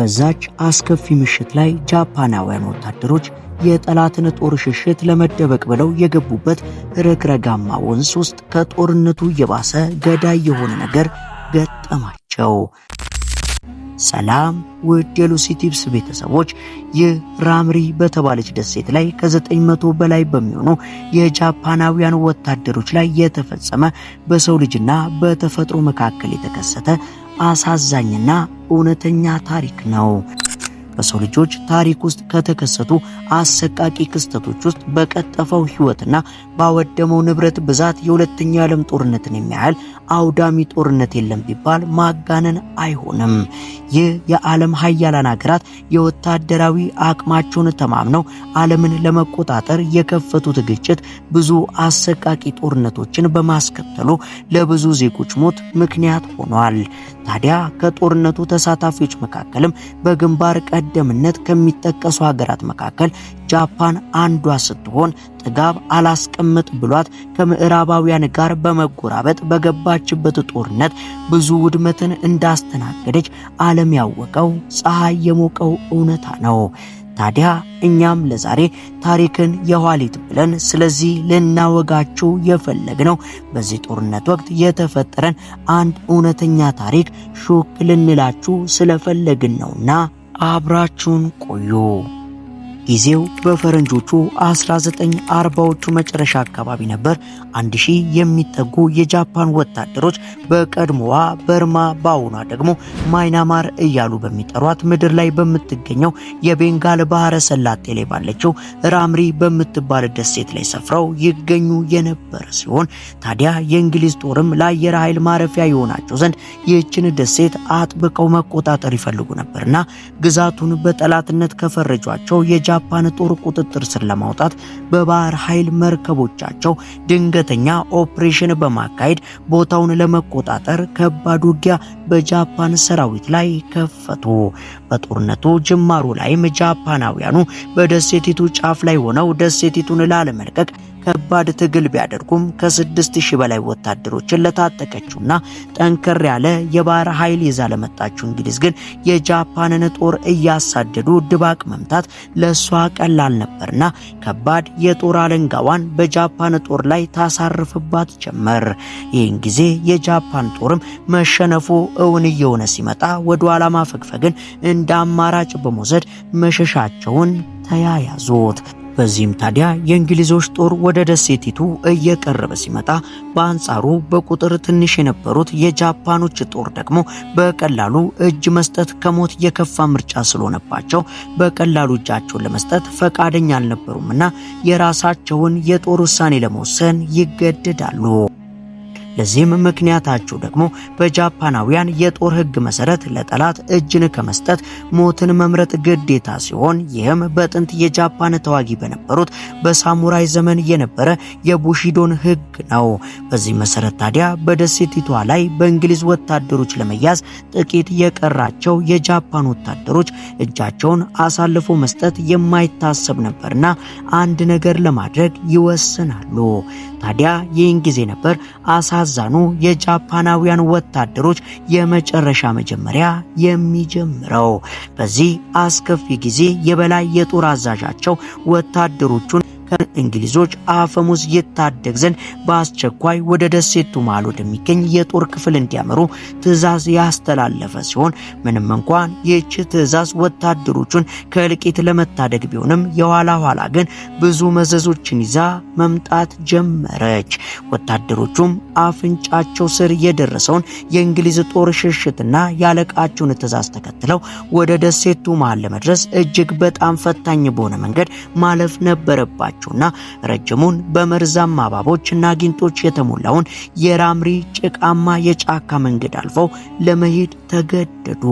በዛች አስከፊ ምሽት ላይ ጃፓናውያን ወታደሮች የጠላትን ጦር ሽሽት ለመደበቅ ብለው የገቡበት ረግረጋማ ወንዝ ውስጥ ከጦርነቱ እየባሰ ገዳይ የሆነ ነገር ገጠማቸው። ሰላም ውድ የሉሲ ቲፕስ ቤተሰቦች፣ ይህ ራምሪ በተባለች ደሴት ላይ ከ900 በላይ በሚሆኑ የጃፓናውያን ወታደሮች ላይ የተፈጸመ በሰው ልጅና በተፈጥሮ መካከል የተከሰተ አሳዛኝና እውነተኛ ታሪክ ነው። በሰው ልጆች ታሪክ ውስጥ ከተከሰቱ አሰቃቂ ክስተቶች ውስጥ በቀጠፈው ሕይወትና ባወደመው ንብረት ብዛት የሁለተኛ ዓለም ጦርነትን የሚያህል አውዳሚ ጦርነት የለም ቢባል ማጋነን አይሆንም። ይህ የዓለም ሀያላን ሀገራት የወታደራዊ አቅማቸውን ተማምነው ዓለምን ለመቆጣጠር የከፈቱት ግጭት ብዙ አሰቃቂ ጦርነቶችን በማስከተሉ ለብዙ ዜጎች ሞት ምክንያት ሆኗል። ታዲያ ከጦርነቱ ተሳታፊዎች መካከልም በግንባር ቀደ ቀደምነት ከሚጠቀሱ ሀገራት መካከል ጃፓን አንዷ ስትሆን ጥጋብ አላስቀምጥ ብሏት ከምዕራባውያን ጋር በመጎራበጥ በገባችበት ጦርነት ብዙ ውድመትን እንዳስተናገደች ዓለም ያወቀው ፀሐይ የሞቀው እውነታ ነው። ታዲያ እኛም ለዛሬ ታሪክን የኋሊት ብለን ስለዚህ ልናወጋችሁ የፈለግነው በዚህ ጦርነት ወቅት የተፈጠረን አንድ እውነተኛ ታሪክ ሹክ ልንላችሁ ስለፈለግን ነውና አብራችሁን ቆዩ። ጊዜው በፈረንጆቹ 1940ዎቹ መጨረሻ አካባቢ ነበር። አንድ ሺህ የሚጠጉ የጃፓን ወታደሮች በቀድሞዋ በርማ በአሁኗ ደግሞ ማይናማር እያሉ በሚጠሯት ምድር ላይ በምትገኘው የቤንጋል ባህረ ሰላጤ ላይ ባለችው ራምሪ በምትባል ደሴት ላይ ሰፍረው ይገኙ የነበረ ሲሆን ታዲያ የእንግሊዝ ጦርም ለአየር ኃይል ማረፊያ የሆናቸው ዘንድ ይህችን ደሴት አጥብቀው መቆጣጠር ይፈልጉ ነበርና ግዛቱን በጠላትነት ከፈረጇቸው የጃ የጃፓን ጦር ቁጥጥር ስር ለማውጣት በባህር ኃይል መርከቦቻቸው ድንገተኛ ኦፕሬሽን በማካሄድ ቦታውን ለመቆጣጠር ከባድ ውጊያ በጃፓን ሰራዊት ላይ ከፈቱ። በጦርነቱ ጅማሩ ላይም ጃፓናውያኑ በደሴቲቱ ጫፍ ላይ ሆነው ደሴቲቱን ላለመልቀቅ ከባድ ትግል ቢያደርጉም ከስድስት ሺህ በላይ ወታደሮችን ለታጠቀችውና ጠንከር ያለ የባህር ኃይል ይዛ ለመጣችው እንግሊዝ ግን የጃፓንን ጦር እያሳደዱ ድባቅ መምታት ለእሷ ቀላል ነበርና ከባድ የጦር አለንጋዋን በጃፓን ጦር ላይ ታሳርፍባት ጀመር። ይህን ጊዜ የጃፓን ጦርም መሸነፉ እውን እየሆነ ሲመጣ ወደ ኋላ ማፈግፈግን እንደ አማራጭ በመውሰድ መሸሻቸውን ተያያዙት። በዚህም ታዲያ የእንግሊዞች ጦር ወደ ደሴቲቱ እየቀረበ ሲመጣ፣ በአንጻሩ በቁጥር ትንሽ የነበሩት የጃፓኖች ጦር ደግሞ በቀላሉ እጅ መስጠት ከሞት የከፋ ምርጫ ስለሆነባቸው በቀላሉ እጃቸውን ለመስጠት ፈቃደኛ አልነበሩምና የራሳቸውን የጦር ውሳኔ ለመወሰን ይገደዳሉ። ለዚህም ምክንያታቸው ደግሞ በጃፓናውያን የጦር ሕግ መሰረት ለጠላት እጅን ከመስጠት ሞትን መምረጥ ግዴታ ሲሆን ይህም በጥንት የጃፓን ተዋጊ በነበሩት በሳሙራይ ዘመን የነበረ የቡሺዶን ሕግ ነው። በዚህ መሰረት ታዲያ በደሴቲቷ ላይ በእንግሊዝ ወታደሮች ለመያዝ ጥቂት የቀራቸው የጃፓን ወታደሮች እጃቸውን አሳልፎ መስጠት የማይታሰብ ነበርና አንድ ነገር ለማድረግ ይወስናሉ። ታዲያ ይህን ጊዜ ነበር አሳዛኑ የጃፓናውያን ወታደሮች የመጨረሻ መጀመሪያ የሚጀምረው። በዚህ አስከፊ ጊዜ የበላይ የጦር አዛዣቸው ወታደሮቹን ከእንግሊዞች አፈሙዝ ይታደግ ዘንድ በአስቸኳይ ወደ ደሴቱ ማሎ ወደሚገኝ የጦር ክፍል እንዲያመሩ ትዕዛዝ ያስተላለፈ ሲሆን ምንም እንኳን ይህች ትዕዛዝ ወታደሮቹን ከእልቂት ለመታደግ ቢሆንም የኋላ ኋላ ግን ብዙ መዘዞችን ይዛ መምጣት ጀመረች። ወታደሮቹም አፍንጫቸው ስር የደረሰውን የእንግሊዝ ጦር ሽሽትና ያለቃቸውን ትዕዛዝ ተከትለው ወደ ደሴቱ መሃል ለመድረስ እጅግ በጣም ፈታኝ በሆነ መንገድ ማለፍ ነበረባቸው። ያለችውና ረጅሙን በመርዛማ እና ጊንጦች የተሞላውን የራምሪ ጭቃማ የጫካ መንገድ አልፈው ለመሄድ ተገደዱ።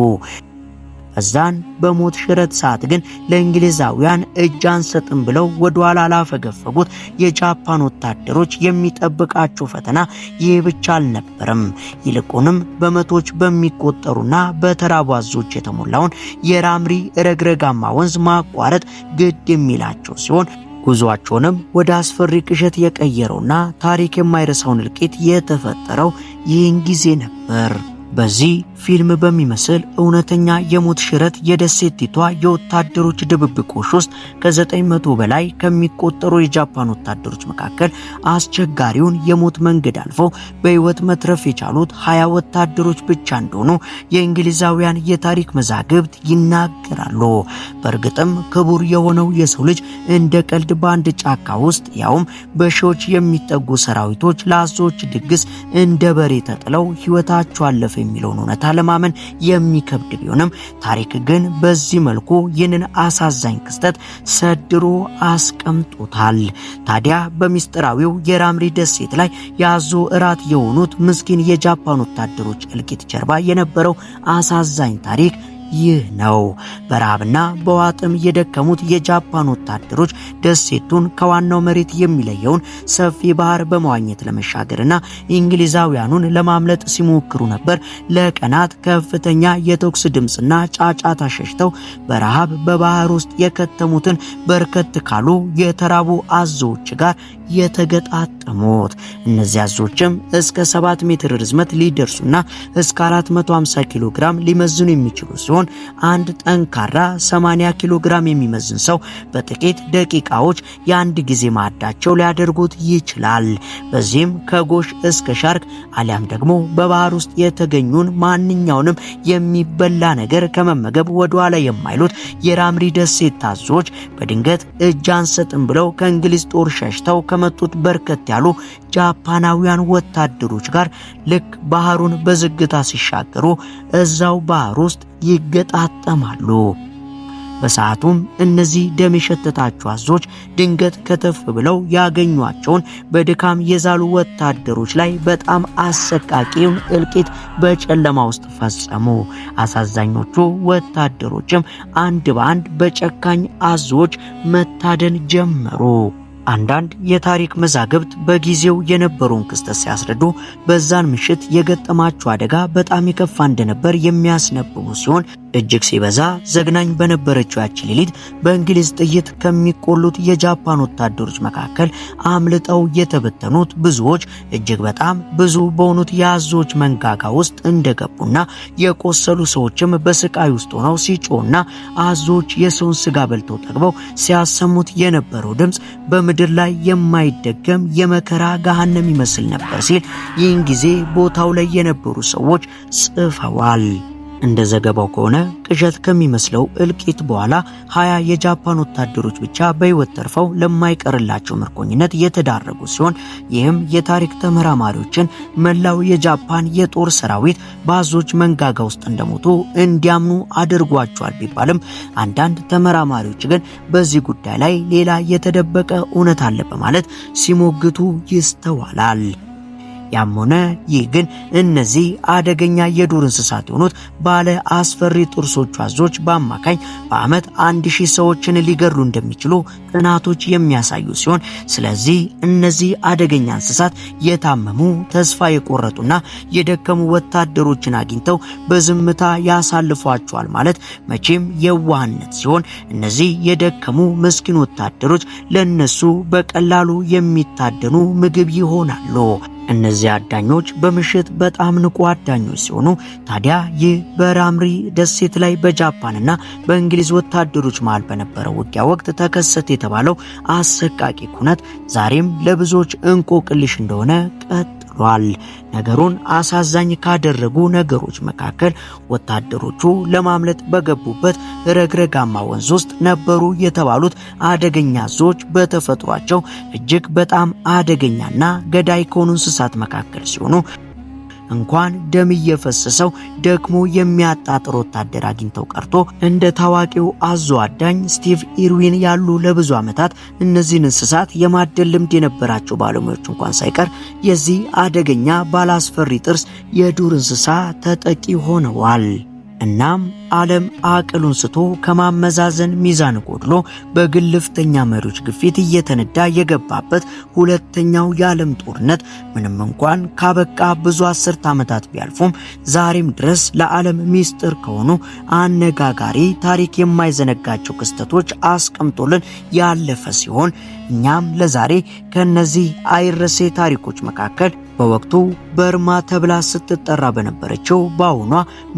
እዛን በሞት ሽረት ሰዓት ግን ለእንግሊዛውያን እጅ አንሰጥም ብለው ወደ ኋላ ላፈገፈጉት የጃፓን ወታደሮች የሚጠብቃቸው ፈተና ይህ ብቻ አልነበረም። ይልቁንም በመቶች በሚቆጠሩና በተራቡ አዞች የተሞላውን የራምሪ ረግረጋማ ወንዝ ማቋረጥ ግድ የሚላቸው ሲሆን ጉዟቸውንም ወደ አስፈሪ ቅዠት የቀየረውና ታሪክ የማይረሳውን እልቂት የተፈጠረው ይህን ጊዜ ነበር። በዚህ ፊልም በሚመስል እውነተኛ የሞት ሽረት የደሴቲቷ የወታደሮች ድብብቆሽ ውስጥ ከዘጠኝ መቶ በላይ ከሚቆጠሩ የጃፓን ወታደሮች መካከል አስቸጋሪውን የሞት መንገድ አልፈው በሕይወት መትረፍ የቻሉት ሀያ ወታደሮች ብቻ እንደሆኑ የእንግሊዛውያን የታሪክ መዛግብት ይናገራሉ። በእርግጥም ክቡር የሆነው የሰው ልጅ እንደ ቀልድ በአንድ ጫካ ውስጥ ያውም በሺዎች የሚጠጉ ሰራዊቶች ለአዞዎች ድግስ እንደ በሬ ተጥለው ሕይወታቸው አለፈ የሚለውን እውነታ ለማመን የሚከብድ ቢሆንም ታሪክ ግን በዚህ መልኩ ይህንን አሳዛኝ ክስተት ሰድሮ አስቀምጦታል። ታዲያ በሚስጥራዊው የራምሪ ደሴት ላይ የአዞ እራት የሆኑት ምስኪን የጃፓን ወታደሮች እልቂት ጀርባ የነበረው አሳዛኝ ታሪክ ይህ ነው። በረሃብና በዋጥም የደከሙት የጃፓን ወታደሮች ደሴቱን ከዋናው መሬት የሚለየውን ሰፊ ባህር በመዋኘት ለመሻገርና እንግሊዛውያኑን ለማምለጥ ሲሞክሩ ነበር። ለቀናት ከፍተኛ የተኩስ ድምፅና ጫጫታ ሸሽተው በረሃብ በባህር ውስጥ የከተሙትን በርከት ካሉ የተራቡ አዞዎች ጋር የተገጣጠሙት። እነዚህ አዞችም እስከ 7 ሜትር ርዝመት ሊደርሱና እስከ 450 ኪሎ ግራም ሊመዝኑ የሚችሉ ሲሆን አንድ ጠንካራ 80 ኪሎ ግራም የሚመዝን ሰው በጥቂት ደቂቃዎች የአንድ ጊዜ ማዕዳቸው ሊያደርጉት ይችላል። በዚህም ከጎሽ እስከ ሻርክ አሊያም ደግሞ በባህር ውስጥ የተገኙን ማንኛውንም የሚበላ ነገር ከመመገብ ወደኋላ የማይሉት የራምሪ ደሴት አዞዎች በድንገት እጅ አንሰጥም ብለው ከእንግሊዝ ጦር ሸሽተው ከመጡት በርከት ያሉ ጃፓናውያን ወታደሮች ጋር ልክ ባህሩን በዝግታ ሲሻገሩ እዛው ባህር ውስጥ ይገጣጠማሉ። በሰዓቱም እነዚህ ደም የሸተታቸው አዞች ድንገት ከተፍ ብለው ያገኟቸውን በድካም የዛሉ ወታደሮች ላይ በጣም አሰቃቂውን እልቂት በጨለማ ውስጥ ፈጸሙ። አሳዛኞቹ ወታደሮችም አንድ በአንድ በጨካኝ አዞች መታደን ጀመሩ። አንዳንድ የታሪክ መዛግብት በጊዜው የነበረውን ክስተት ሲያስረዱ በዛን ምሽት የገጠማቸው አደጋ በጣም የከፋ እንደነበር የሚያስነብቡ ሲሆን እጅግ ሲበዛ ዘግናኝ በነበረችው ያቺ ሌሊት በእንግሊዝ ጥይት ከሚቆሉት የጃፓን ወታደሮች መካከል አምልጠው የተበተኑት ብዙዎች እጅግ በጣም ብዙ በሆኑት የአዞዎች መንጋጋ ውስጥ እንደገቡና የቆሰሉ ሰዎችም በስቃይ ውስጥ ሆነው ሲጮና አዞዎች የሰውን ስጋ በልተው ጠግበው ሲያሰሙት የነበረው ድምፅ በምድር ላይ የማይደገም የመከራ ገሃነም ይመስል ነበር ሲል ይህን ጊዜ ቦታው ላይ የነበሩ ሰዎች ጽፈዋል። እንደ ዘገባው ከሆነ ቅዠት ከሚመስለው እልቂት በኋላ ሀያ የጃፓን ወታደሮች ብቻ በሕይወት ተርፈው ለማይቀርላቸው ምርኮኝነት የተዳረጉ ሲሆን ይህም የታሪክ ተመራማሪዎችን መላው የጃፓን የጦር ሰራዊት በአዞች መንጋጋ ውስጥ እንደሞቱ እንዲያምኑ አድርጓቸዋል ቢባልም አንዳንድ ተመራማሪዎች ግን በዚህ ጉዳይ ላይ ሌላ የተደበቀ እውነት አለ በማለት ሲሞግቱ ይስተዋላል። ያም ሆነ ይህ ግን እነዚህ አደገኛ የዱር እንስሳት የሆኑት ባለ አስፈሪ ጥርሶቹ አዞች በአማካኝ በዓመት አንድ ሺህ ሰዎችን ሊገድሉ እንደሚችሉ ጥናቶች የሚያሳዩ ሲሆን ስለዚህ እነዚህ አደገኛ እንስሳት የታመሙ ተስፋ የቆረጡና የደከሙ ወታደሮችን አግኝተው በዝምታ ያሳልፏቸዋል ማለት መቼም የዋህነት ሲሆን እነዚህ የደከሙ ምስኪን ወታደሮች ለነሱ በቀላሉ የሚታደኑ ምግብ ይሆናሉ። እነዚህ አዳኞች በምሽት በጣም ንቁ አዳኞች ሲሆኑ ታዲያ ይህ በራምሪ ደሴት ላይ በጃፓንና በእንግሊዝ ወታደሮች መሃል በነበረው ውጊያ ወቅት ተከሰተ የተባለው አሰቃቂ ኩነት ዛሬም ለብዙዎች እንቆቅልሽ እንደሆነ ቀጥ ተብሏል። ነገሩን አሳዛኝ ካደረጉ ነገሮች መካከል ወታደሮቹ ለማምለጥ በገቡበት ረግረጋማ ወንዝ ውስጥ ነበሩ የተባሉት አደገኛ ዞች በተፈጥሯቸው እጅግ በጣም አደገኛና ገዳይ ከሆኑ እንስሳት መካከል ሲሆኑ እንኳን ደም እየፈሰሰው ደክሞ የሚያጣጥር ወታደር አግኝተው ቀርቶ እንደ ታዋቂው አዞ አዳኝ ስቲቭ ኢርዊን ያሉ ለብዙ ዓመታት እነዚህን እንስሳት የማደን ልምድ የነበራቸው ባለሙያዎች እንኳን ሳይቀር የዚህ አደገኛ ባላስፈሪ ጥርስ የዱር እንስሳ ተጠቂ ሆነዋል። እናም ዓለም አቅሉን ስቶ ከማመዛዘን ሚዛን ጎድሎ በግልፍተኛ መሪዎች ግፊት እየተነዳ የገባበት ሁለተኛው የዓለም ጦርነት ምንም እንኳን ካበቃ ብዙ አስርት ዓመታት ቢያልፉም ዛሬም ድረስ ለዓለም ሚስጥር ከሆኑ አነጋጋሪ ታሪክ የማይዘነጋቸው ክስተቶች አስቀምጦልን ያለፈ ሲሆን እኛም ለዛሬ ከእነዚህ አይረሴ ታሪኮች መካከል በወቅቱ በርማ ተብላ ስትጠራ በነበረችው በአሁኗ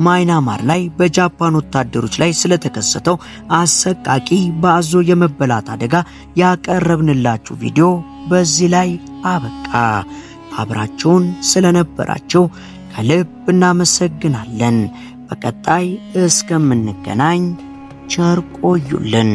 ማይናማር ላይ በጃፓን ወታደሮች ላይ ስለተከሰተው አሰቃቂ በአዞ የመበላት አደጋ ያቀረብንላችሁ ቪዲዮ በዚህ ላይ አበቃ። አብራችሁን ስለነበራችሁ ከልብ እናመሰግናለን። በቀጣይ እስከምንገናኝ ቸር ቆዩልን።